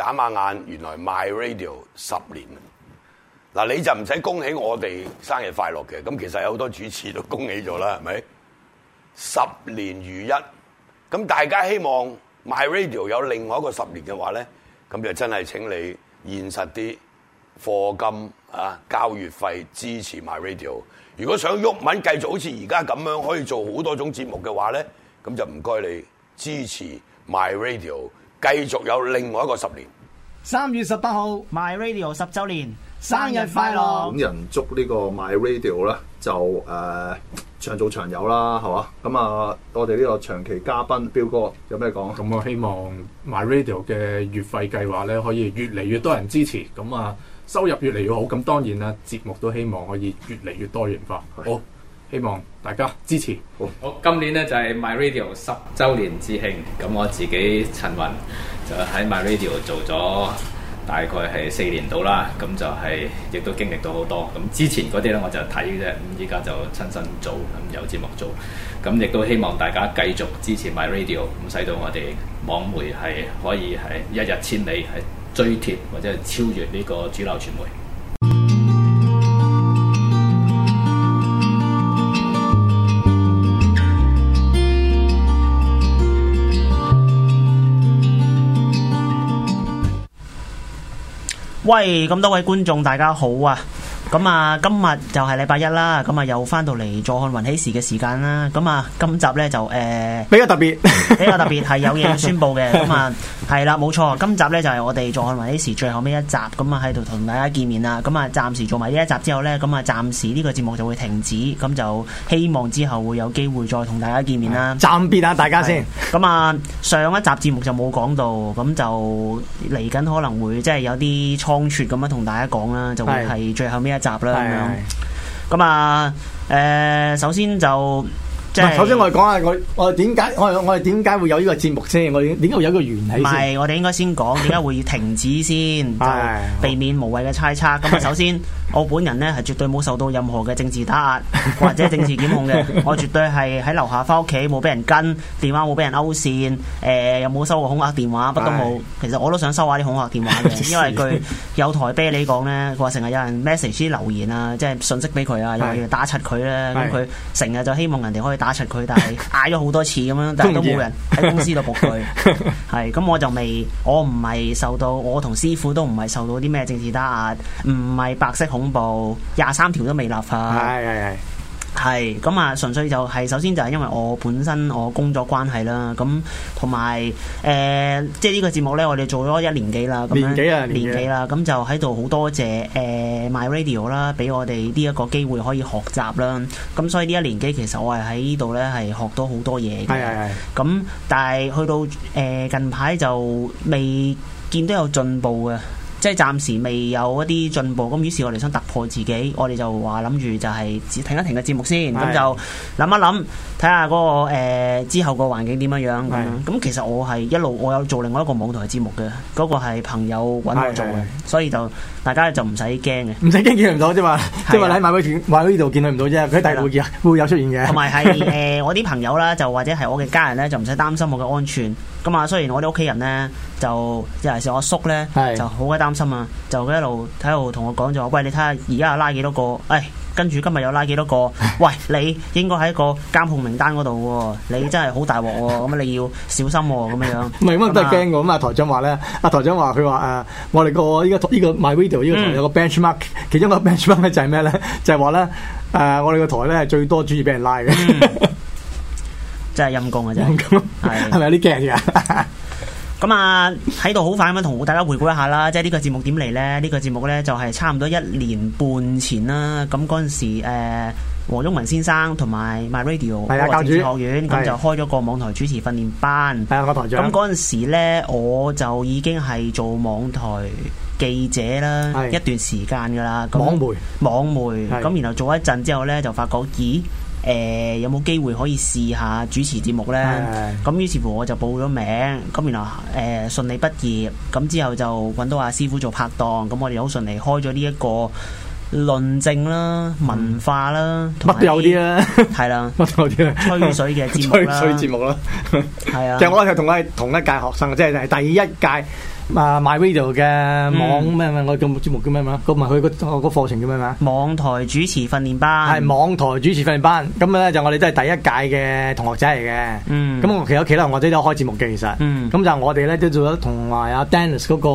眨下眼，原來 My Radio 十年。嗱，你就唔使恭喜我哋生日快樂嘅，咁其實有好多主持都恭喜咗啦，係咪？十年如一，咁大家希望 My Radio 有另外一個十年嘅話咧，咁就真係請你現實啲，課金啊，交月費支持 My Radio。如果想鬱文繼續好似而家咁樣可以做好多種節目嘅話咧，咁就唔該你支持 My Radio，繼續有另外一個十年。三月十八號，My Radio 十周年生日快樂！本人祝呢個 My Radio 咧，就誒、呃、長做長有啦，係嘛？咁啊、呃，我哋呢個長期嘉賓彪哥有咩講？咁我希望 My Radio 嘅月費計劃咧，可以越嚟越多人支持，咁啊收入越嚟越好。咁當然啦，節目都希望可以越嚟越多元化。是好。希望大家支持。好，好今年呢，就係 My Radio 十周年之慶，咁我自己陳雲就喺 My Radio 做咗大概係四年到啦，咁就係、係、亦都經歷咗好多。咁之前嗰啲呢，我就睇嘅啫，咁依家就親身做，咁有節目做，咁亦都希望大家繼續支持 My Radio，咁使到我哋網媒係可以係一日千里貼，係追貼或者係超越呢個主流傳媒。喂，咁多位觀眾，大家好啊！咁啊，今日就係禮拜一啦，咁啊又翻到嚟坐看雲起時嘅時間啦。咁啊，今集咧就誒、呃、比較特別， 比較特別係有嘢要宣布嘅。咁啊係啦，冇、嗯、錯，今集咧就係我哋坐看雲起時最後尾一集，咁啊喺度同大家見面啦。咁啊暫時做埋呢一集之後咧，咁啊暫時呢個節目就會停止，咁就希望之後會有機會再同大家見面啦。暫別、嗯、啊，大家先。咁、嗯、啊上一集節目就冇講到，咁就嚟緊可能會即係有啲倉促咁樣同大家講啦，就會係最後尾一。集啦，咁啊，誒， 首先就即係，首先我哋講下我我哋點解我哋我哋點解會有呢個節目先，我哋點解會有個原起，唔係，我哋應該先講點解會要停止先， 唉就避免無謂嘅猜測。咁啊，首先。 我本人咧係絕對冇受到任何嘅政治打壓或者政治檢控嘅， 我絕對係喺樓下翻屋企冇俾人跟，電話冇俾人勾線，誒又冇收過恐嚇電話，乜都冇。 其實我都想收下啲恐嚇電話嘅，因為佢有台啤你講咧，佢話成日有人 message 留言啊，即係信息俾佢啊，又話要打柒佢咧，咁佢成日就希望人哋可以打柒佢，但係嗌咗好多次咁樣，但係都冇人喺公司度駁佢。係， 咁我就未，我唔係受到，我同師傅都唔係受到啲咩政治打壓，唔係白色恐怖廿三條都未立法，係係係，係咁啊！純粹就係首先就係因為我本身我工作關係啦，咁同埋誒，即係呢個節目咧，我哋做咗一年幾啦，年幾啊，年幾啦，咁就喺度好多謝誒 My Radio 啦，俾我哋呢一個機會可以學習啦，咁所以呢一年幾其實我係喺呢度咧係學到好多嘢嘅，係係係，咁但係去到誒近排就未見到有進步嘅。即係暫時未有一啲進步，咁於是我哋想突破自己，我哋就話諗住就係停一停個節目先，咁的就諗一諗，睇下嗰個、呃、之後個環境點樣樣。咁的其實我係一路我有做另外一個網台嘅節目嘅，嗰、嗰個係朋友搵我做嘅，的所以就。大家就唔使驚嘅，唔使驚見唔到啫嘛，即係話喺馬會前，馬呢度見佢唔到啫，佢第二會見是、啊、會有出現嘅。同埋係誒，我啲朋友啦，就或者係我嘅家人咧，就唔使擔心我嘅安全。咁、嗯、啊，雖然我啲屋企人咧，就尤其是我叔咧，是啊、就好鬼擔心啊，就一路喺度同我講就，喂，你睇下而家拉幾多個，哎。跟住今日又拉幾多個？喂，你應該喺個監控名單嗰度喎，你真係好大鑊喎，咁你要小心喎、啊，咁樣樣。唔係樣啊，真係驚喎！咁啊，台長話咧，阿、啊嗯啊、台長話佢話誒，我哋、依個依、依個依 My 個 MyVideo 依個台有個 benchmark，其中個 benchmark 咧就係咩咧？就係話咧誒，我哋個台咧係最多主意俾人拉嘅，嗯、 真係陰功啊！真係， 係咪有啲驚㗎？咁啊，喺度好快咁同大家回顧一下啦，即係呢個節目點嚟呢？呢個節目呢，就係差唔多一年半前啦。咁嗰陣時，誒黃毓民先生同埋 My Radio，係啊的，教主學院咁就的開咗個網台主持訓練班。咁嗰陣時呢，我就已經係做網台記者啦，的一段時間㗎啦。網媒，網媒。咁的然後做一陣之後呢，就發覺，咦？誒、欸，有冇機會可以試下主持節目呢？咁於 是乎我就報咗名，咁然後誒順利畢業，咁之後就揾到阿師傅做拍檔，咁我哋好順利開咗呢一個論政啦、文化啦，乜都有啲 啦，係啦，乜都有啲吹水嘅節目啦，係啊，其實我係同我係同一屆學生，即係第一屆。啊！My Radio 嘅網咩咩，我做節目叫咩名啊？佢個課程叫咩名？網台主持訓練班係網台主持訓練班。咁啊咧就我哋都係第一屆嘅同學仔嚟嘅。嗯，咁其，其實有幾多同學仔都開節目嘅其實，嗯，咁就我哋咧都做咗同埋阿 Dennis 個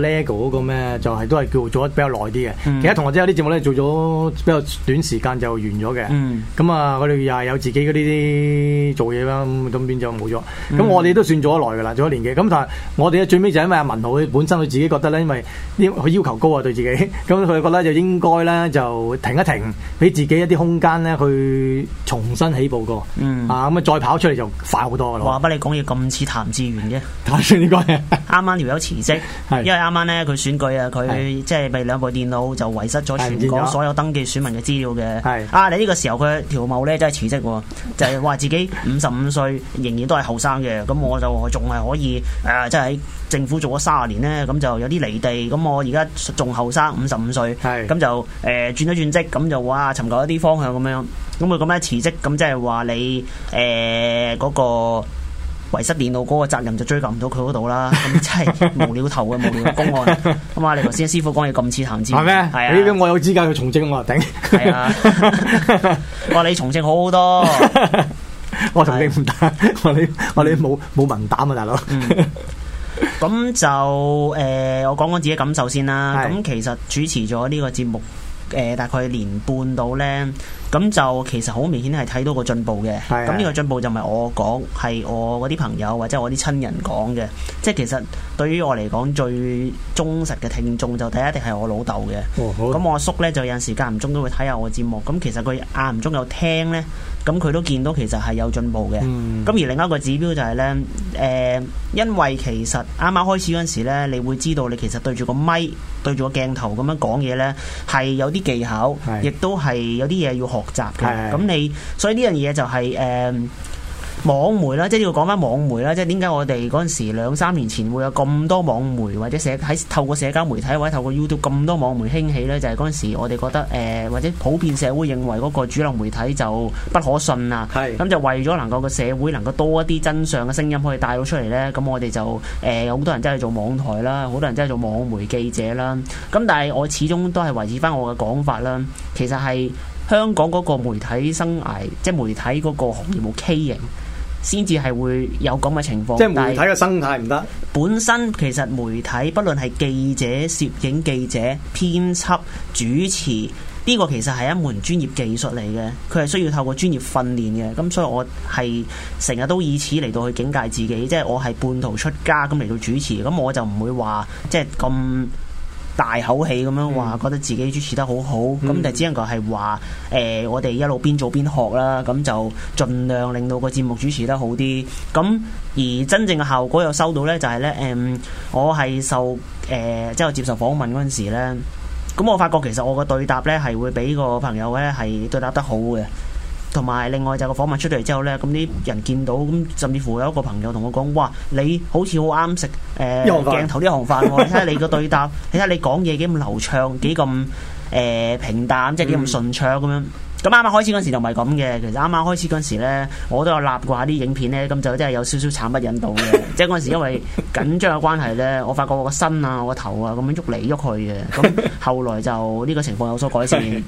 Lego 個咩，就係都係叫做得比較耐啲嘅。嗯，其他同學仔有啲節目咧做咗比較短時間就完咗嘅。嗯，咁啊我哋又係有自己啲啲做嘢啦，咁邊就冇咗。咁我哋都算做得耐㗎啦，做咗年幾。咁但係我哋咧最尾就因為。文豪本身佢自己覺得咧，因為要佢要求高啊，對自己，咁佢覺得就應該咧就停一停，俾自己一啲空間咧去重新起步過。嗯啊，啊咁啊再跑出嚟就快好多噶咯。哇！不你講嘢咁似譚志源嘅，應該啱啱條友辭職， 因為啱啱咧佢選舉啊，佢即係被兩部電腦就遺失咗全港所有登記選民嘅資料嘅。係是啊，你、這、呢個時候佢條茂咧真係辭職喎，就係、是、話自己五十五歲仍然都係後生嘅，咁我就仲係可以啊，即係喺政府做卅年咧，咁就有啲離地。咁我而家仲後生，五十五歲，咁就誒轉咗轉職，咁、呃、就哇，尋求一啲方向咁樣。咁佢咁樣辭職，咁即係話你誒嗰個遺失電腦嗰個責任就追究唔到佢嗰度啦。咁真係無料頭嘅無聊公案。咁啊，你頭先師傅講嘢咁似談資。係咩？係啊，我有資格去從政啊，頂。係啊，話你從政好好多。我從政唔得，我你我你冇冇文膽啊，大佬。咁就誒、呃，我講講自己感受先啦。咁是其實主持咗呢個節目誒、呃，大概年半到呢。咁就其實好明顯係睇到個進步嘅。咁呢係個進步就唔係我講，係我啲朋友或者我啲親人講嘅。即係其實對於我嚟講最忠實嘅聽眾就睇一定係我老豆嘅。咁、哦、我阿叔咧就有陣時間唔中都會睇下我節目。咁其實佢間唔中有聽咧，咁佢都見到其實係有進步嘅。咁、嗯、而另一個指標就係、是、咧，誒、呃、因為其實啱啱開始陣時咧，你會知道你其實對住個咪對住個鏡頭咁樣講嘢咧，係有啲技巧，係，亦都係有啲嘢要學。學習嘅咁你，所以呢樣嘢就係、是、誒、嗯、網媒啦，即係要講翻網媒啦。即係點解我哋嗰陣時兩三年前會有咁多網媒或者社喺透過社交媒體或者透過 YouTube 咁多網媒興起呢？就係嗰陣時我哋覺得誒、呃、或者普遍社會認為嗰個主流媒體就不可信啊。咁係就為咗能夠個社會能夠多一啲真相嘅聲音可以帶到出嚟呢，咁我哋就誒好、呃、多人真係做網台啦，好多人真係做網媒記者啦。咁但係我始終都係維持翻我嘅講法啦，其實係。香港嗰個媒體生涯，即係媒體嗰個行業冇畸形，先至係會有咁嘅情況。即係媒體嘅生態唔得。本身其實媒體，不論係記者、攝影記者、編輯、主持，呢個其實係一門專業技術嚟嘅，佢係需要透過專業訓練嘅。咁所以我係成日都以此嚟到去警戒自己，即係我係半途出家咁嚟到主持，咁我就唔會話即係咁。大口氣咁樣話，覺得自己主持得好好，咁就只能夠係話誒，我哋一路邊做邊學啦，咁就盡量令到個節目主持得好啲。咁而真正嘅效果又收到呢，就係呢，誒、嗯，我係受誒，即係我接受訪問嗰陣時呢，咁我發覺其實我個對答呢，係會比個朋友呢，係對答得好嘅。同埋另外就個訪問出到嚟之後呢，咁啲人見到咁，甚至乎有一個朋友同我講：哇，你好似好啱食誒鏡頭啲行飯喎！睇、哦、下你個對答，睇下 你講嘢幾咁流暢，幾咁誒平淡，即係幾咁順暢咁樣。咁啱啱開始嗰時就唔係咁嘅，其實啱啱開始嗰時呢，我都有立過下啲影片呢。咁就真係有少少慘不忍睹嘅。 即係嗰時因為緊張嘅關係呢，我發覺我個身啊，我個頭啊，咁樣喐嚟喐去嘅。咁後來就呢個情況有所改善。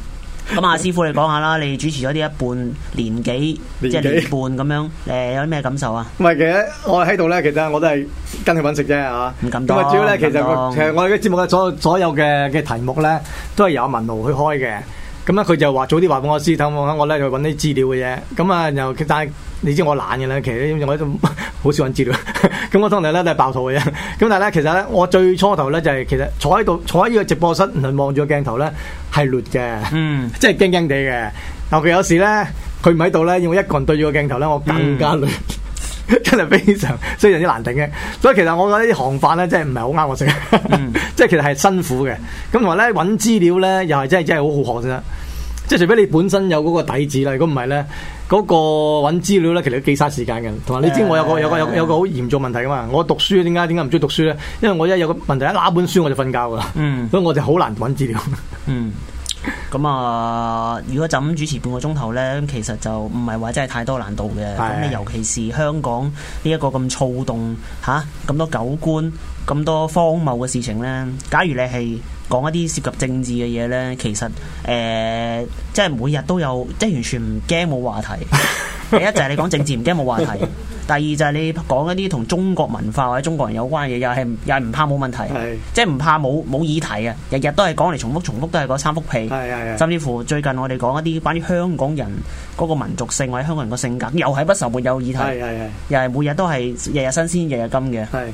咁阿、 嗯、師傅你講下啦，你，說說你主持咗呢一半年幾，年紀即係年半咁樣，誒有啲咩感受啊？唔係嘅，其實我喺度咧，其實我都係跟佢揾食啫嚇。咁啊，主要咧，其實其實我哋嘅節目嘅所所有嘅嘅題目咧，都係由阿文豪去開嘅。咁咧佢就話早啲話俾我知，等我呢我咧就揾啲資料嘅嘢。咁啊又，但係你知我懶嘅啦，其實我都好少揾資料。咁 我通常咧都係爆肚嘅啫。咁但係咧，其實咧我最初頭咧就係、是、其實坐喺度坐喺呢個直播室嚟望住個鏡頭咧係攣嘅，mm. 即係驚驚地嘅。尤其有時咧佢唔喺度咧，我一個人對住個鏡頭咧，我更加攣。Mm. 真係非常非常之難頂嘅，所以其實我覺得呢啲行飯咧，真係唔係好啱我食，即係其實係辛苦嘅。咁同埋咧，搵資料咧，又係真係真係好好學嘅，即係除非你本身有嗰個底子啦。如果唔係咧，嗰、嗰個搵資料咧，其實都幾嘥時間嘅。同埋有你知我有個有個有有個好嚴重問題噶嘛？我讀書點解點解唔中意讀書咧？因為我一有個問題一拿本書我就瞓覺㗎喇，嗯、 所以我就好難搵資料。嗯。 咁啊、嗯，如果就咁主持半個鐘頭呢，咁其實就唔係話真係太多難度嘅。咁你的尤其是香港呢一個咁躁動，吓，咁多狗官，咁多荒謬嘅事情呢。假如你係講一啲涉及政治嘅嘢呢，其實誒、呃，即係每日都有，即係完全唔驚冇話題。 第一就係、是、你講政治唔驚冇話題。第二就係你講一啲同中國文化或者中國人有關嘅嘢，又係又係唔怕冇問題，是 即係唔怕冇冇議題啊！日日都係講嚟重複重複，都係嗰三幅屁。是是是是甚至乎最近我哋講一啲關於香港人嗰個民族性或者香港人個性格，又係不愁沒有議題。是是是是又係每日都係日日新鮮、日日金嘅。是是是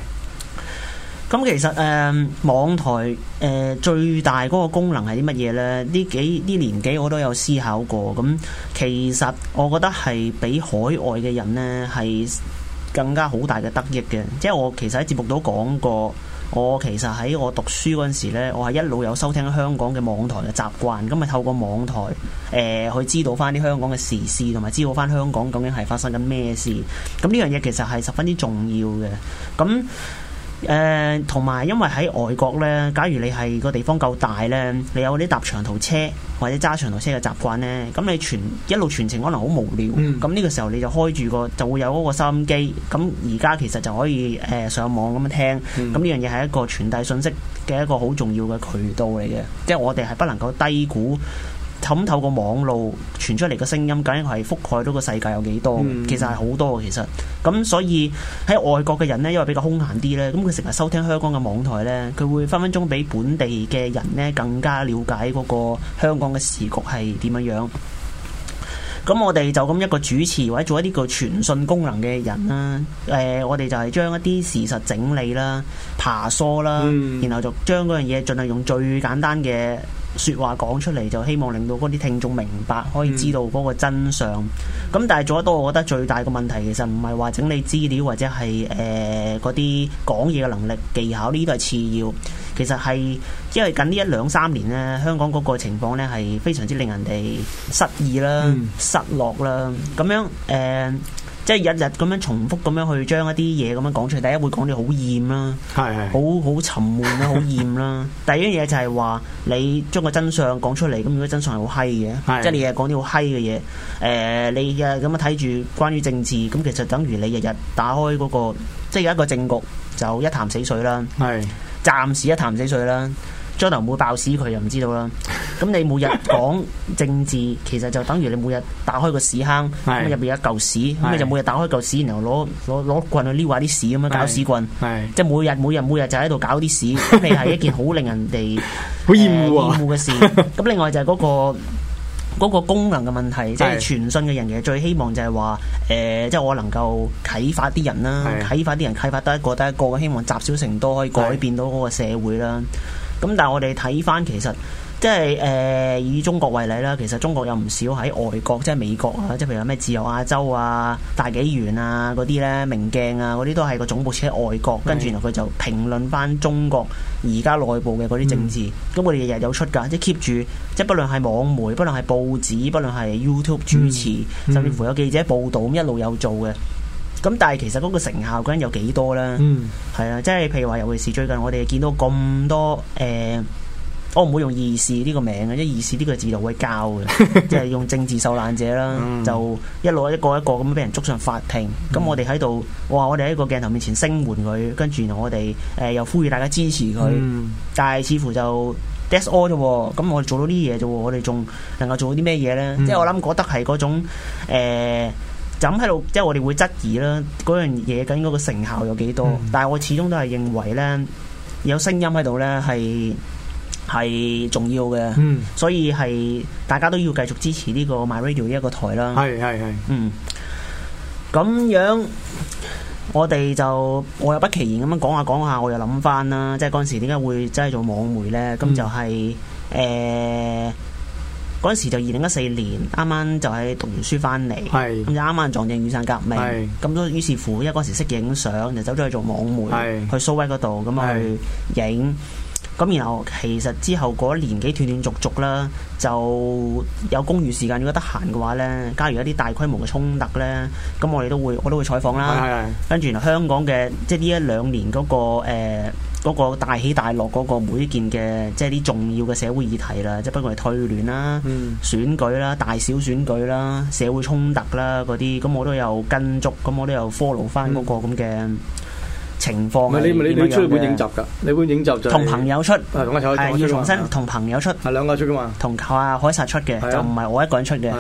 咁、嗯、其實誒、嗯、網台誒、呃、最大嗰個功能係啲乜嘢呢？呢幾呢年幾我都有思考過。咁、嗯、其實我覺得係比海外嘅人呢係更加好大嘅得益嘅。即係我其實喺節目都講過，我其實喺我讀書嗰陣時咧，我係一路有收聽香港嘅網台嘅習慣。咁、嗯、咪透過網台、呃、去知道返啲香港嘅時事，同埋知道返香港究竟係發生緊咩事。咁、嗯、呢樣嘢其實係十分之重要嘅。咁、嗯誒同埋，呃、因為喺外國呢，假如你係個地方夠大呢，你有啲搭長途車或者揸長途車嘅習慣呢，咁你全一路全程可能好無聊。咁呢、嗯、個時候你就開住個就會有嗰個收音機。咁而家其實就可以誒、呃、上網咁樣聽。咁呢、嗯、樣嘢係一個傳遞信息嘅一個好重要嘅渠道嚟嘅，即係我哋係不能夠低估。滲透個網絡傳出嚟嘅聲音，究竟係覆蓋到個世界有幾多？嗯，其實係好多嘅，其實咁所以喺外國嘅人呢，因為比較空閒啲呢，咁佢成日收聽香港嘅網台呢，佢會分分鐘比本地嘅人呢更加了解嗰個香港嘅時局係點樣樣。咁我哋就咁一個主持或者做一啲個傳訊功能嘅人啦。誒、呃，我哋就係將一啲事實整理啦、爬梳啦，嗯、然後就將嗰樣嘢盡量用最簡單嘅。説話講出嚟就希望令到嗰啲聽眾明白，可以知道嗰個真相。咁但係做得多，我覺得最大嘅問題其實唔係話整理資料或者係誒嗰啲講嘢嘅能力技巧，呢啲都係次要。其實係因為近呢一兩三年呢，香港嗰個情況呢係非常之令人哋失意啦、嗯、失落啦。咁樣誒。呃即係日日咁樣重複咁樣去將一啲嘢咁樣講出嚟，第一會講你好厭啦，係係， 好好沉悶啦，好厭啦。 第二樣嘢就係話你將個真相講出嚟，咁如果真相係好閪嘅，即係你日日講啲好閪嘅嘢，誒，你日日咁樣睇住關於政治，咁其實等於你日日打開嗰個，即係有一個政局就一潭死水啦，係，暫時一潭死水啦。將來唔會爆屎，佢又唔知道啦。咁你每日講政治，其實就等於你每日打開個屎坑，入邊是的 有一嚿屎，咁你就每日打開嚿屎，然後攞攞攞棍去撩下啲屎咁樣，搞屎棍。即係每日每日每日就喺度搞啲屎，咁你係一件好令人哋好、 呃、厭惡嘅事。咁 另外就係嗰、嗰個嗰個功能嘅問題，即係是的 傳訊嘅人其實最希望就係話，誒、呃，即、就、係、是、我能夠啟發啲人啦，是的 的啟發啲人，啟發得一個得一,一,一,一,一個，希望集少成多，可以改變到嗰個社會啦。的咁但係我哋睇翻，其實即係誒、呃、以中國為例啦。其實中國有唔少喺外國，即係美國啊，即係譬如有咩自由亞洲啊、大紀元啊嗰啲咧、明鏡啊嗰啲，都係個總部設喺外國，跟住的然後佢就評論翻中國而家內部嘅嗰啲政治。咁我哋日日有出㗎，即係 keep 住，即係不論係網媒，不論係報紙，不論係 YouTube 主持，嗯嗯、甚至乎有記者報道咁一路有做嘅。咁但係其實嗰個成效究竟有幾多咧？係啊、嗯，即係譬如話，尤其是最近我哋見到咁多誒、呃，我唔會用疑似呢個名嘅，因為疑似呢個字就會教嘅，即係 用政治受難者啦，嗯、就一路一個一個咁樣俾人捉上法庭。咁、嗯、我哋喺度，哇！我哋喺個鏡頭面前聲援佢，跟住我哋誒又呼籲大家支持佢。嗯、但係似乎就 that's all 啫，咁我哋做到啲嘢啫，我哋仲能夠做到啲咩嘢咧？嗯嗯、即係我諗覺得係嗰種誒。呃咁喺度，即係、就是、我哋會質疑啦，嗰樣嘢，緊嗰個成效有幾多？嗯、但係我始終都係認為呢，有聲音喺度呢係係重要嘅。嗯，所以係大家都要繼續支持呢個 My Radio 呢一個台啦。係係係，嗯。咁樣，我哋就我又不其然咁樣講下講下，我又諗翻啦。即係嗰陣時點解會真係做網媒呢？咁就係、是、誒。嗯欸嗰陣時就二零一四年，啱啱就喺讀完書翻嚟，咁就啱啱撞正雨傘革命，咁都是於是乎，因為嗰時識影相，就走咗去做網媒，是去蘇威嗰度咁去影。咁然後其實之後嗰一年幾斷斷續續啦，就有公餘時間如果得閒嘅話咧，加入一啲大規模嘅衝突咧，咁我哋都會我都會採訪啦。跟住香港嘅即係呢一兩年嗰、嗰個、呃嗰個大起大落嗰個每一件嘅，即係啲重要嘅社會議題啦，即不過係推聯啦、嗯、選舉啦、大小選舉啦、社會衝突啦嗰啲，咁我都有跟足，咁我都有 follow 翻嗰個咁嘅。情況係你點樣嘅？你出本影集㗎，你會影集就同朋友出，係要重新同朋友出，係兩個出噶嘛？同阿凱撒出嘅，就唔係我一個人出嘅。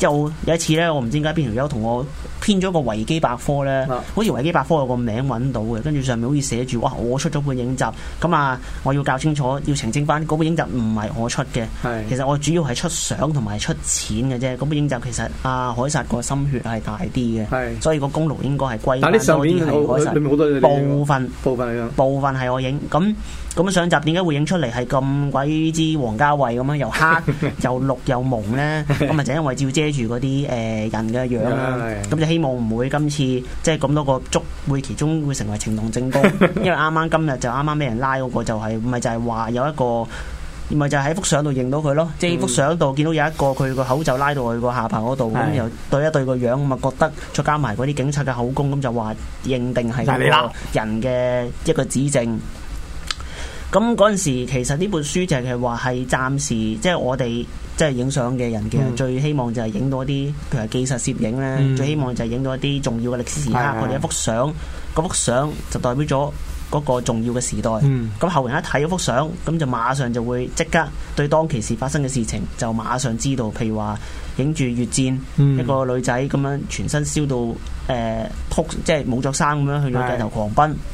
有有一次咧，我唔知點解邊條友同我編咗個維基百科咧，好似維基百科有個名揾到嘅，跟住上面好似寫住哇，我出咗本影集，咁啊，我要搞清楚，要澄清翻嗰本影集唔係我出嘅。其實我主要係出相同埋出錢嘅啫。嗰本影集其實阿凱撒個心血係大啲嘅，所以個功勞應該係歸啲多啲。凱撒裏面好部分部分，部分係我影。咁咁上集點解會影出嚟係咁鬼之王家衞咁樣又黑 又綠又朦呢？咁咪 就因為照遮住嗰啲誒人嘅樣啦。咁 就希望唔會今次即係咁多個祝會其中會成為情動正宮， 因為啱啱今日就啱啱俾人拉嗰個就係、是、咪就係、是、話有一個。咪就喺幅相度認到佢咯，即係幅相度見到有一個佢個口罩拉到去個下巴嗰度，咁是的 又對一對個樣，咁咪覺得再加埋嗰啲警察嘅口供，咁就話認定係人嘅一個指證。咁嗰陣時，其實呢本書就係話係暫時，即、就、係、是、我哋即係影相嘅人，嘅、嗯、最希望就係影到一啲，譬如技術攝影呢，嗯、最希望就係影到一啲重要嘅歷史時刻，我哋是的 一幅相，嗰的幅相就代表咗。嗰個重要嘅時代，咁後人一睇嗰幅相，咁就馬上就會即刻對當其時發生嘅事情就馬上知道。譬如話影住越戰 一個女仔咁樣，全身燒到誒燙、呃，即係冇著衫咁樣去到地頭狂奔。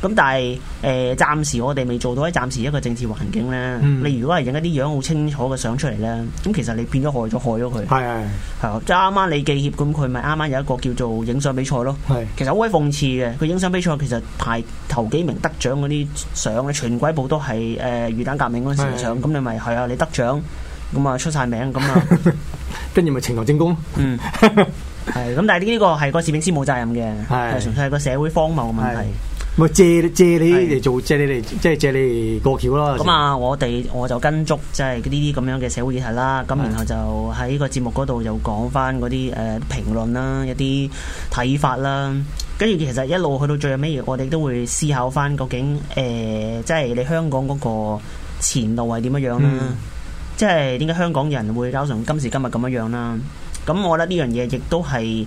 咁但係誒，暫時我哋未做到喺暫時一個政治環境咧，你如果係影一啲樣好清楚嘅相出嚟咧，咁其實你變咗害咗害咗佢。係係即係啱啱你記協，咁佢咪啱啱有一個叫做影相比賽咯。其實好鬼諷刺嘅，佢影相比賽其實排頭幾名得獎嗰啲相咧，全鬼部都係誒魚蛋革命嗰時嘅相。咁你咪係啊，你得獎咁啊出晒名，咁啊跟住咪請求正宮。嗯，係。咁但係呢個係個攝影師冇責任嘅，係純粹係個社會荒謬問題。咪借你借你嚟做，借的你嚟即係借你嚟過橋咯。咁啊，我哋我就跟足即係呢啲咁樣嘅社會議題啦。咁的然後就喺個節目嗰度就講翻嗰啲誒評論啦，一啲睇法啦。跟住其實一路去到最後尾，我哋都會思考翻究竟誒，即、呃、係、就是、你香港嗰個前路係點樣樣啦。即係點解香港人會搞成今時今日咁樣樣啦？咁我覺得呢樣嘢亦都係。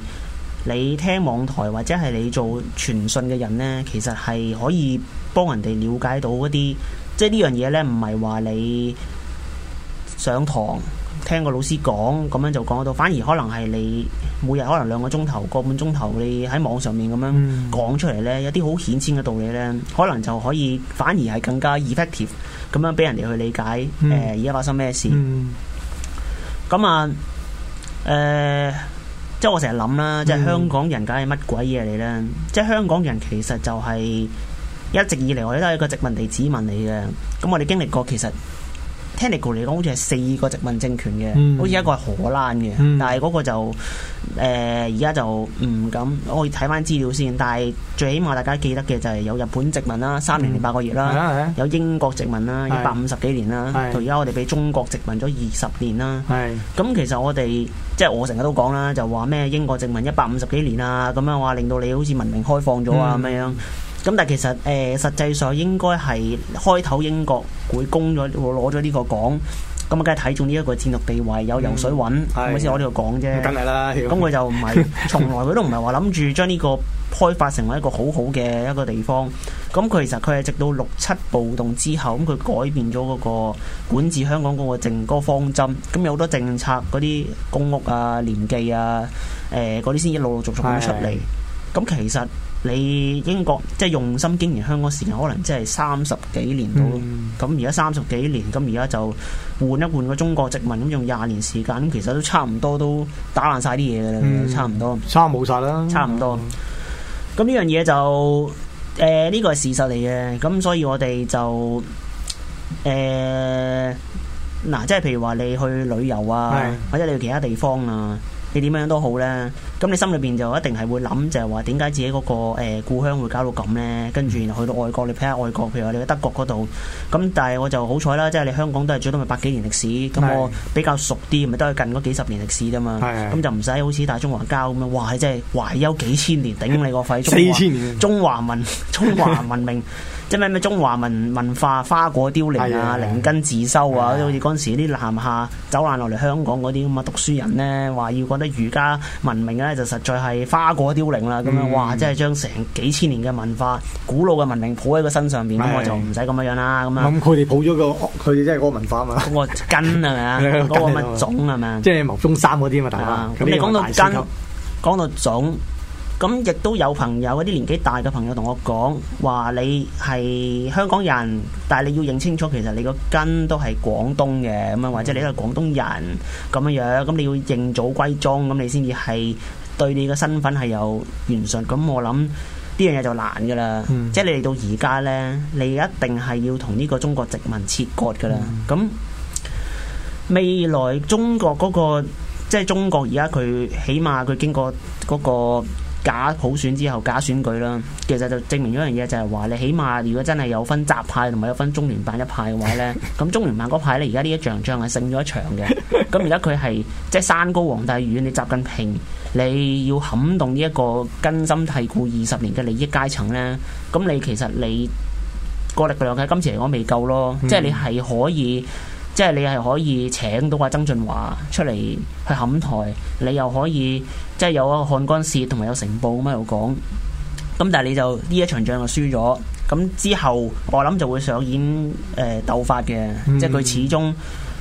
你聽網台或者係你做傳訊嘅人呢，其實係可以幫人哋了解到一啲，即係呢樣嘢呢，唔係話你上堂聽個老師講咁樣就講得到，反而可能係你每日可能兩個鐘頭、個半鐘頭，你喺網上面咁樣講出嚟呢，嗯、有啲好顯淺嘅道理呢，可能就可以反而係更加 effective 咁樣俾人哋去理解。誒、嗯呃，而家發生咩事？咁、嗯嗯、啊，誒、呃。即係我成日諗啦，嗯、即係香港人，梗係乜鬼嘢嚟咧？即係香港人，其實就係一直以嚟，我哋都係一個殖民地子民嚟嘅。咁我哋經歷過，其實。t 聽嚟講嚟講好似係四個殖民政權嘅，好似、嗯、一個係荷蘭嘅，嗯、但係嗰個就誒而家就唔敢。我可以睇翻資料先。但係最起碼大家記得嘅就係有日本殖民啦，三年零八個月啦，嗯、有英國殖民啦，一百五十幾年啦，而家、嗯、我哋俾中國殖民咗二十年啦。係咁、嗯，其實我哋即係我成日都講啦，就話咩英國殖民一百五十幾年啊，咁樣話令到你好似文明開放咗啊咁樣，咁但係其實誒、呃，實際上應該係開頭英國會攻咗，攞咗呢個港，咁啊梗係睇中呢一個戰略地位，有油水搵，係咪先我呢度講啫？梗係啦，咁佢就唔係，從行來佢都唔係話諗住將呢個開發成為一個好好嘅一個地方。咁、嗯、佢其實佢係直到六七暴動之後，咁、嗯、佢改變咗嗰個管治香港嗰個政嗰個方針，咁、嗯、有好多政策嗰啲公屋啊、年期啊、誒嗰啲先一路陸陸續續咁出嚟。咁、嗯嗯、其實。你英國即係用心經營香港時間，可能即係三十幾年到。咁而家三十幾年，咁而家就換一換個中國殖民，咁用廿年時間，咁其實都差唔多，都打爛晒啲嘢嘅啦，嗯、差唔多，差冇晒啦，差唔多。咁呢、嗯、樣嘢就誒呢、呃呢個係事實嚟嘅。咁所以我哋就誒嗱、呃，即係譬如話你去旅遊啊，是的 或者你去其他地方啊，你點樣都好咧。咁、嗯、你心裏邊就一定係會諗，就係話點解自己嗰、那個誒、欸、故鄉會搞到咁咧？跟住然後去到外國你睇下外國，譬如話你去德國嗰度，咁但係我就好彩啦，即係你香港都係最多咪百幾年歷史，咁我比較熟啲，咪都係近嗰幾十年歷史啫嘛。咁是、嗯、就唔使好似大中華膠咁樣，哇！真係懷憂幾千年，頂你個肺！中華四千年文、中華文明， 即係咩咩中華文文化花果凋零啊，靈的根自修啊，好似陣時啲南下走難落嚟香港嗰啲咁啊，讀書人咧話要覺得儒家文明啊。 就實在係花果凋零啦，咁樣、嗯、哇！即係將成幾千年嘅文化，古老嘅文明抱喺個身上邊，我、嗯、就唔使咁樣樣啦。咁樣咁佢哋抱咗個，佢哋真係嗰個文化啊嘛，嗰個根係咪啊？嗰 的根 個物種係咪？即係牟宗三嗰啲啊嘛，大家。啊、這樣 你講到根，講到種，咁亦都有朋友嗰啲年紀大嘅朋友同我講話，你係香港人，但係你要認清楚，其實你個根都係廣東嘅，咁樣或者你係廣東人咁樣樣，咁你要認祖歸宗，咁你先至係。對你嘅身份係有完熟，咁我諗呢樣嘢就難噶啦。嗯、即係你嚟到而家呢，你一定係要同呢個中國殖民切割噶啦。咁、嗯、未來中國嗰、嗰個，即係中國而家佢起碼佢經過嗰、嗰個。假普選之後，假選舉啦，其實就證明咗一樣嘢，就係話你起碼如果真係有分習派同埋有分中聯辦一派嘅話呢，咁 中聯辦嗰派呢，而家呢一場仗係勝咗一場嘅。咁而家佢係即係山高皇帝遠，你習近平，你要撼動呢一個根深蒂固二十年嘅利益階層呢。咁你其實你個力量嘅今次嚟講未夠咯，嗯、即係你係可以，即係你係可以請到阿曾俊華出嚟去撼台，你又可以。即係有個漢軍士同埋有成報咁喺度講，咁但係你就呢一場仗就輸咗。咁之後我諗就會上演誒、呃、鬥法嘅、嗯，即係佢始終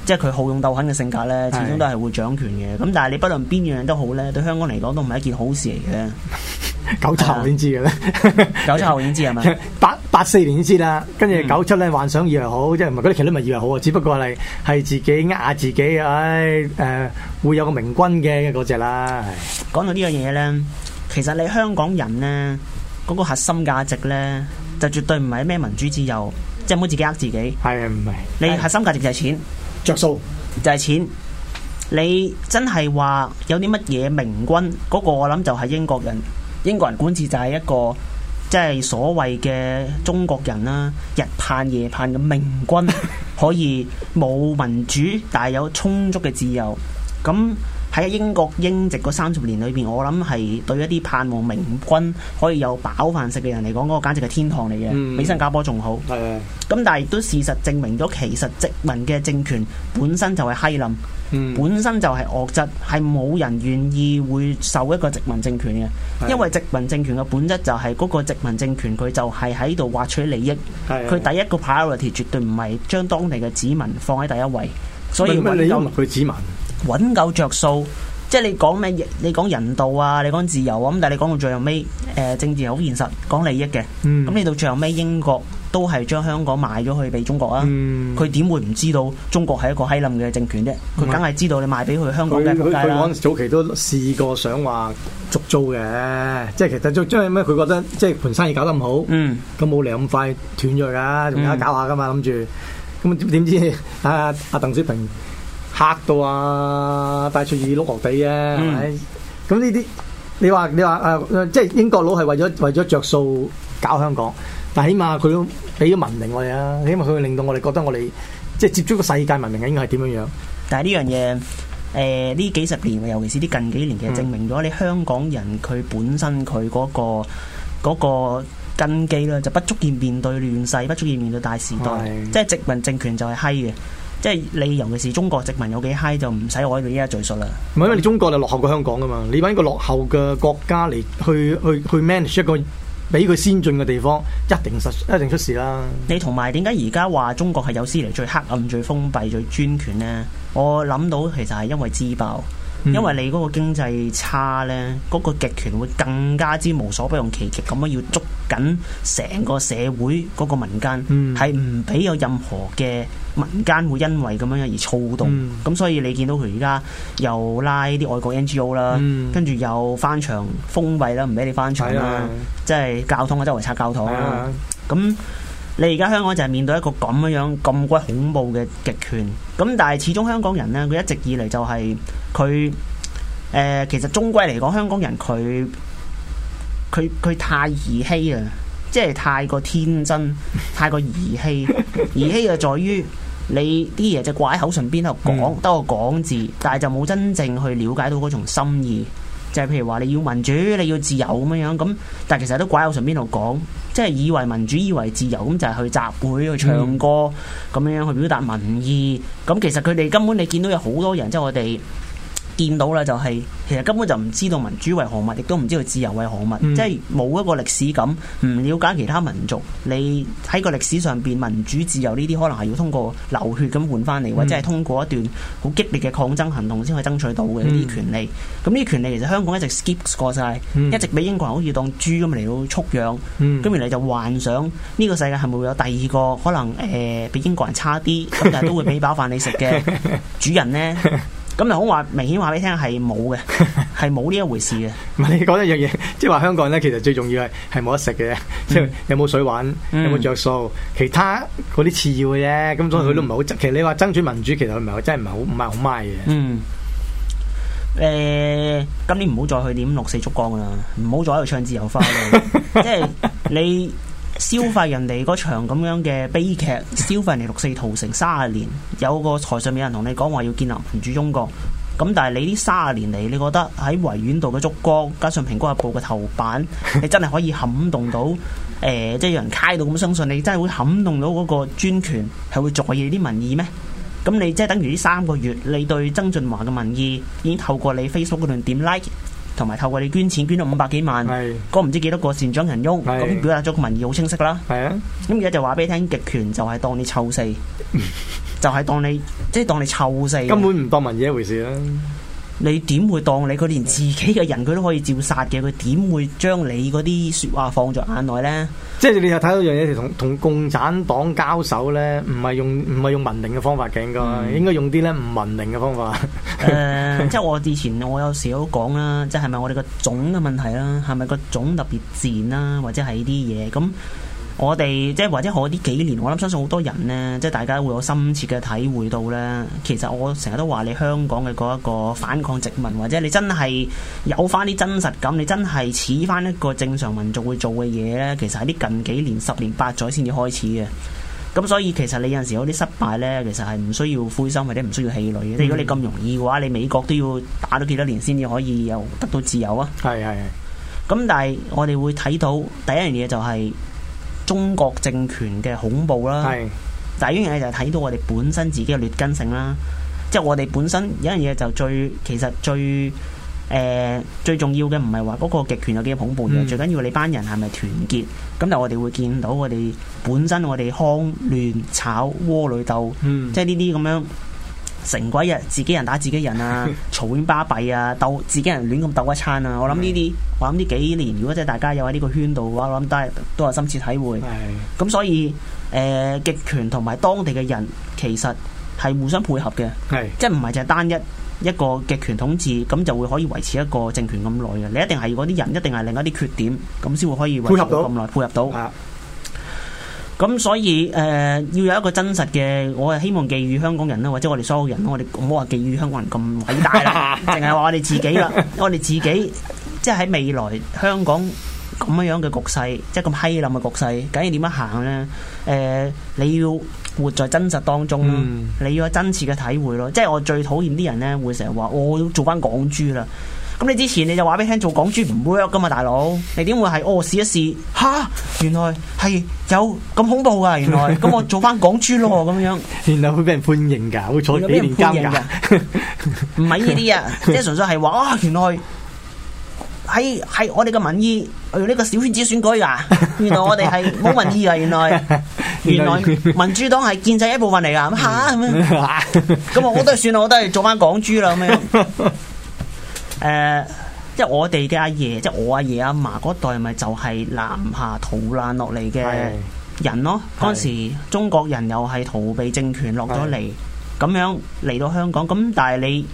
即係佢好勇鬥狠嘅性格咧，始終都係會掌權嘅。咁但係你不論邊樣都好咧，對香港嚟講都唔係一件好事嚟嘅。九七後先知嘅咧、嗯，九七後先知係咪 八四年先啦，跟住九七咧，幻想以為好，即係唔係嗰啲，其實都咪以為好啊！只不過係係自己呃下自己，唉，誒、呃，會有個明君嘅嗰隻啦。講到呢樣嘢呢，其實你香港人呢，嗰、嗰個核心價值呢，就絕對唔係咩民主自由，即係唔好自己呃自己。係啊，唔係。你核心價值就係錢，着數的就係錢。你真係話有啲乜嘢明君，嗰、嗰個我諗就係英國人，英國人管治就係一個。即係所謂嘅中國人啦、啊，日盼夜盼嘅明君，可以冇民主，但係有充足嘅自由咁。喺英國英殖嗰三十年裏邊，我諗係對一啲盼望明君可以有飽飯食嘅人嚟講，嗰、那個簡直係天堂嚟嘅，比、嗯、新加坡仲好。咁、嗯、但係都事實證明咗，其實殖民嘅政權本身就係欺冧，嗯、本身就係惡質，係冇人願意會受一個殖民政權嘅，嗯、因為殖民政權嘅本質就係、是、嗰、那個殖民政權佢就係喺度獲取利益。佢、嗯、第一個 priority 絕對唔係將當地嘅子民放喺第一位，所以要優待佢子民。搵夠着數，即係你講咩？你講人道啊，你講自由啊，咁但係你講到最後尾，誒政治又好現實，講利益嘅。咁你到最後尾，英國都係將香港賣咗去俾中國啊！佢點會唔知道中國係一個閪冧嘅政權啫？佢梗係知道你賣俾佢香港嘅，佢嗰時早期都試過想話續租嘅，即係其實將將咩？佢覺得即係盤生意搞得唔好，咁冇咁快斷咗㗎，仲有搞下㗎嘛，諗住咁點知啊？阿鄧小平。黑到啊！戴住耳窿落地嘅，係咪？咁呢啲，你話你話誒誒，即係英國佬係為咗為咗着數搞香港，但係起碼佢都俾咗文明我哋啊，起碼佢會令到我哋覺得我哋即係接觸個世界文明應該係點樣樣。但係呢樣嘢誒，呢幾十年，尤其是啲近幾年，其實證明咗你香港人佢本身佢嗰個嗰個根基咧，就不足以面對亂世，不足以面對大時代，即係殖民政權就係閪嘅。即係你，尤其是中國殖民有幾嗨，就唔使我喺度一一敘述啦。唔係因為你中國就落後過香港噶嘛？你揾一個落後嘅國家嚟去去去 manage 一個比佢先進嘅地方，一定出一定出事啦。你同埋點解而家話中國係有史嚟最黑暗、最封閉、最專權呢？我諗到其實係因為自爆。因為你嗰個經濟差呢，嗰、嗰個極權會更加之無所不用其極咁樣要捉緊成個社會嗰個民間，係唔俾有任何嘅民間會因為咁樣而躁動。咁、嗯、所以你見到佢而家又拉啲外國 NGO 啦、嗯，跟住又翻牆封閉啦，唔俾你翻牆啦，即係教堂啊交通，周圍拆教堂啦，咁、啊。你而家香港就係面對一個咁樣樣咁鬼恐怖嘅極權，咁但係始終香港人呢，佢一直以嚟，就係佢誒，其實終歸嚟講，香港人佢佢佢太兒戲啊，即係太過天真，太過兒戲。 兒戲就在於你啲嘢就掛喺口唇邊度講， 得個講字，但係就冇真正去了解到嗰種心意。就係譬如話你要民主，你要自由咁樣樣咁，但係其實都怪我順便度講，即係以為民主以為自由咁就係、是、去集會去唱歌咁樣去表達民意，咁其實佢哋根本你見到有好多人即係、就是、我哋。見到啦、就係，就係其實根本就唔知道民主為何物，亦都唔知道自由為何物，嗯、即係冇一個歷史感，唔瞭解其他民族。你喺個歷史上邊，民主自由呢啲可能係要通過流血咁換翻嚟，或者係通過一段好激烈嘅抗爭行動先可以爭取到嘅呢啲權利。咁呢啲權利其實香港一直 skip 過晒，嗯、一直俾英國人好似當豬咁嚟到蓄養。咁然後你就幻想呢、這個世界係咪會有第二個可能誒、呃，比英國人差啲，咁但係都會俾飽飯你食嘅主人呢。 咁你好話明顯話俾你聽係冇嘅，係冇呢一回事嘅。唔係 你講一樣嘢，即係話香港咧，其實最重要係係冇得食嘅，嗯、即係有冇水玩，嗯、有冇着數，其他嗰啲次要嘅啫。咁所以佢都唔係好其實你話爭取民主，其實佢唔係真係唔係好唔係好賣嘅。嗯。誒、呃，今年唔好再去點六四燭光啦，唔好再喺度唱自由花啦。 即係你。 消費人哋嗰場咁樣嘅悲劇，消費人哋六四屠城三十年，有個台上面有人同你講話要建立民主中國，咁但係你呢三十年嚟，你覺得喺維園度嘅燭光，加上《蘋果日報》嘅頭版，你真係可以撼動到？誒、呃，即係有人揩到咁相信你，真係會撼動到嗰個專權係會在意啲民意咩？咁你即係等於呢三個月，你對曾俊華嘅民意，已經透過你 Facebook 嘅點 like。同埋透過你捐錢捐到五百幾萬，嗰唔是知幾多個善長人翁，嗰邊是表達咗個民意好清晰啦。咁而家就話俾你聽，極權就係當你臭四， 就係當你即係、就係、當你臭四，根本唔當民意一回事啦。你點會當你佢連自己嘅人佢都可以照殺嘅？佢點會將你嗰啲説話放在眼內呢？即係你又睇到樣嘢，同同共產黨交手呢，唔係用唔係用文明嘅方法嘅，應該、嗯、應該用啲咧唔文明嘅方法。誒、嗯 呃，即係我之前我有時都講啦，即係咪我哋個種嘅問題啦？係咪個種特別賤啦？或者係啲嘢咁？我哋即係或者我呢幾年，我諗相信好多人呢，即係大家會有深切嘅體會到呢。其實我成日都話你香港嘅嗰一個反抗殖民，或者你真係有翻啲真實感，你真係似翻一個正常民族會做嘅嘢咧。其實喺啲近幾年十年八載先至開始嘅。咁所以其實你有陣時有啲失敗呢，其實係唔需要灰心或者唔需要氣餒嘅。嗯、如果你咁容易嘅話，你美國都要打咗幾多年先至可以有得到自由啊。係係係。咁但係我哋會睇到第一樣嘢就係、是。中國政權嘅恐怖啦，第一樣嘢就係睇到我哋本身自己嘅劣根性啦。即係我哋本身有一樣嘢就最其實最誒、呃、最重要嘅唔係話嗰個極權有幾恐怖，嗯、最緊要你班人係咪團結？咁但係我哋會見到我哋本身我哋抗亂炒窩裏鬥，嗯、即係呢啲咁樣。成鬼日、啊、自己人打自己人啊，嘈喧巴閉啊，鬥自己人亂咁鬥一餐啊！我諗呢啲，的我諗呢幾年，如果即係大家有喺呢個圈度嘅話，我諗都係都有深切體會。咁的，所以誒，呃、極權同埋當地嘅人其實係互相配合嘅，的即係唔係淨係單一一個極權統治，咁就會可以維持一個政權咁耐嘅。你一定係嗰啲人，一定係另一啲缺點，咁先會可以配合到咁耐，配合到。啊咁所以誒、呃，要有一個真實嘅，我係希望寄予香港人咯，或者我哋所有人，我哋唔好話寄予香港人咁偉大啦，淨係話我哋自己啦， 我哋自己即係喺未來香港咁樣樣嘅局勢，即係咁閪冧嘅局勢，究竟點樣行咧？誒、呃，你要活在真實當中，嗯、你要有真摯嘅體會咯。即係我最討厭啲人咧，會成日話我要做翻港豬啦。咁你之前你就話俾你聽做港豬唔 work 噶嘛，大佬？你點會係哦試一試？吓，原來係有咁恐怖噶，原來咁我做翻港豬咯咁樣。原來會俾人判刑噶，會坐幾年監噶？唔係呢啲啊，即係純粹係話啊，原來喺喺我哋嘅民意，呢個小圈子選舉噶。原來我哋係冇民意啊！原來原來民主黨係建制一部分嚟噶，咁吓咁我我都算啦，我都係做翻港豬啦咁樣。誒、呃，即係我哋嘅阿爺，即係我阿爺阿嫲嗰代，咪就係南下逃難落嚟嘅人咯。嗰陣時中國人又係逃避政權落咗嚟，咁樣嚟到香港。咁但係你。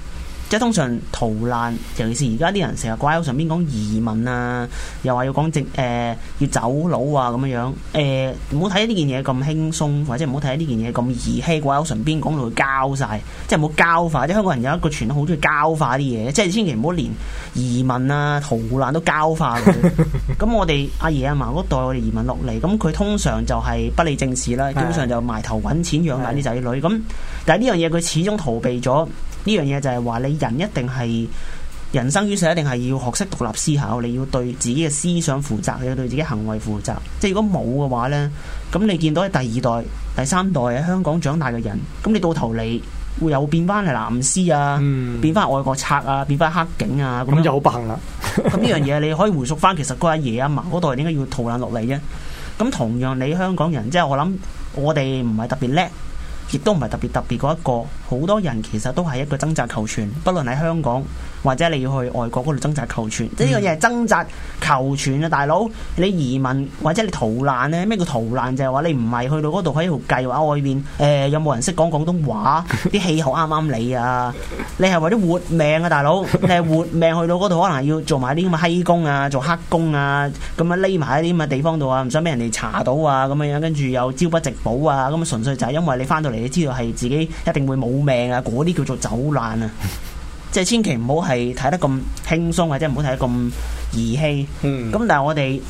即係通常逃難，尤其是而家啲人成日掛口上邊講移民啊，又話要講淨誒要走佬啊咁樣樣。誒、呃，唔好睇呢件嘢咁輕鬆，或者唔好睇呢件嘢咁兒戲。掛口上邊講到佢教晒，即係冇教化。即係香港人有一個傳統，好中意教化啲嘢，即係千祈唔好連移民啊、逃難都教化。咁 我哋阿爺阿嫲，嗰代我哋移民落嚟，咁佢通常就係不理政事啦，基本上就埋頭揾錢養大啲仔女。咁 但係呢樣嘢佢始終逃避咗。呢樣嘢就係話你人一定係人生於世，一定係要學識獨立思考，你要對自己嘅思想負責，你要對自己行為負責。即係如果冇嘅話呢，咁你見到喺第二代、第三代喺香港長大嘅人，咁你到頭嚟會又變翻係藍絲啊、嗯、啊，變翻外國賊啊，變翻黑警啊，咁、嗯、樣就好不幸啦。咁呢樣嘢你可以回溯翻，其實嗰一嘢啊嘛，嗰代點解要逃難落嚟啫？咁同樣你香港人，即係我諗我哋唔係特別叻。亦都唔係特別特別嗰一個，好多人其實都係一個掙扎求存，不論喺香港，或者你要去外國嗰度掙扎求存，即呢個嘢係掙扎求存啊，大佬！你移民或者你逃難呢、啊？咩叫逃難？就係、是、話你唔係去到嗰度喺度計劃外邊誒、呃，有冇人識講廣東話？啲氣候啱啱你啊？你係為咗活命啊，大佬！你係活命去到嗰度，可能要做埋啲咁嘅嘿工啊，做黑工啊，咁樣匿埋喺啲咁嘅地方度啊，唔想俾人哋查到啊，咁樣樣跟住又朝不值保啊，咁純粹就係因為你返到嚟，你知道係自己一定會冇命啊，嗰啲叫做走難啊。即係千祈唔好係睇得咁輕鬆，或者唔好睇得咁兒戲。咁但係我哋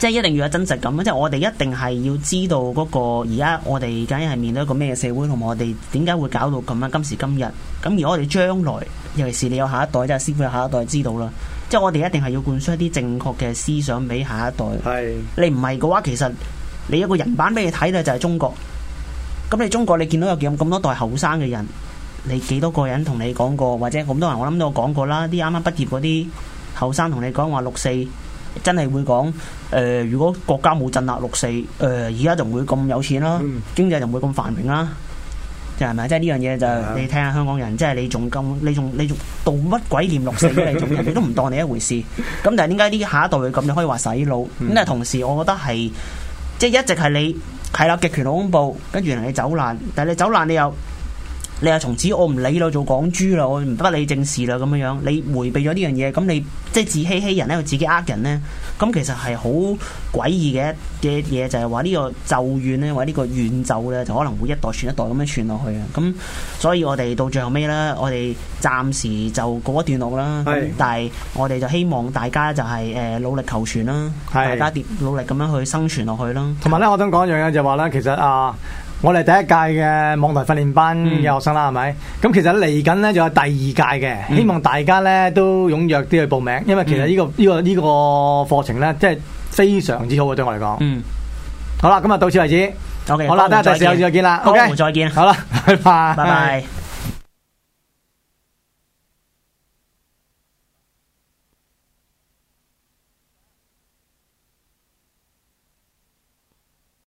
即係一定要有真實感。即係我哋一定係要知道嗰個而家我哋究竟係面對一個咩社會，同埋我哋點解會搞到咁樣今時今日。咁而我哋將來，尤其是你有下一代，即係師傅有下一代知道啦。即係我哋一定係要灌輸一啲正確嘅思想俾下一代。你唔係嘅話，其實你一個人版俾你睇嘅，就係中國。咁你中國，你見到有咁咁多代後生嘅人。你幾多個人同你講過，或者咁多人我諗到講過啦？啲啱啱畢業嗰啲後生同你講話六四，真係會講誒、呃。如果國家冇鎮壓六四，誒而家就唔會咁有錢啦、啊，嗯、經濟就唔會咁繁榮啦、啊，就係咪？即係呢樣嘢就係嗯、你睇下香港人，即係你仲咁，你仲你仲悼乜鬼念六四嘅、啊、你仲，佢 都唔當你一回事。咁但係點解啲下一代咁？你可以話洗腦，咁、嗯、但係同時我覺得係即係一直係你係啦，極權好恐怖，跟住你走難，但係你走難，你，走難，你，走難你又。你又從此我唔理啦，做港豬啦，我唔理正事啦，咁樣樣你迴避咗呢樣嘢，咁你即係自欺欺人咧，自己呃人咧，咁其實係好詭異嘅嘅嘢，就係話呢個咒怨咧，或者呢個怨咒咧，就可能會一代傳一代咁樣傳落去啊。咁所以我哋到最後尾啦，我哋暫時就告一段落啦，是但係我哋就希望大家就係誒努力求存啦，是大家跌努力咁樣去生存落去啦。同埋咧，我想講一樣嘢就係話咧，其實啊。我哋第一屆嘅網台訓練班嘅學生啦，係咪、嗯？咁其實嚟緊咧，仲有第二屆嘅，嗯、希望大家咧都踴躍啲去報名，因為其實呢、呢個呢、嗯、個呢個課程咧，即係非常之好嘅，對我嚟講。嗯，好啦，咁啊，到此為止。Okay, 好嘅吧，好啦，大家，第時有再見啦。O K，再見。好啦，拜拜，拜拜。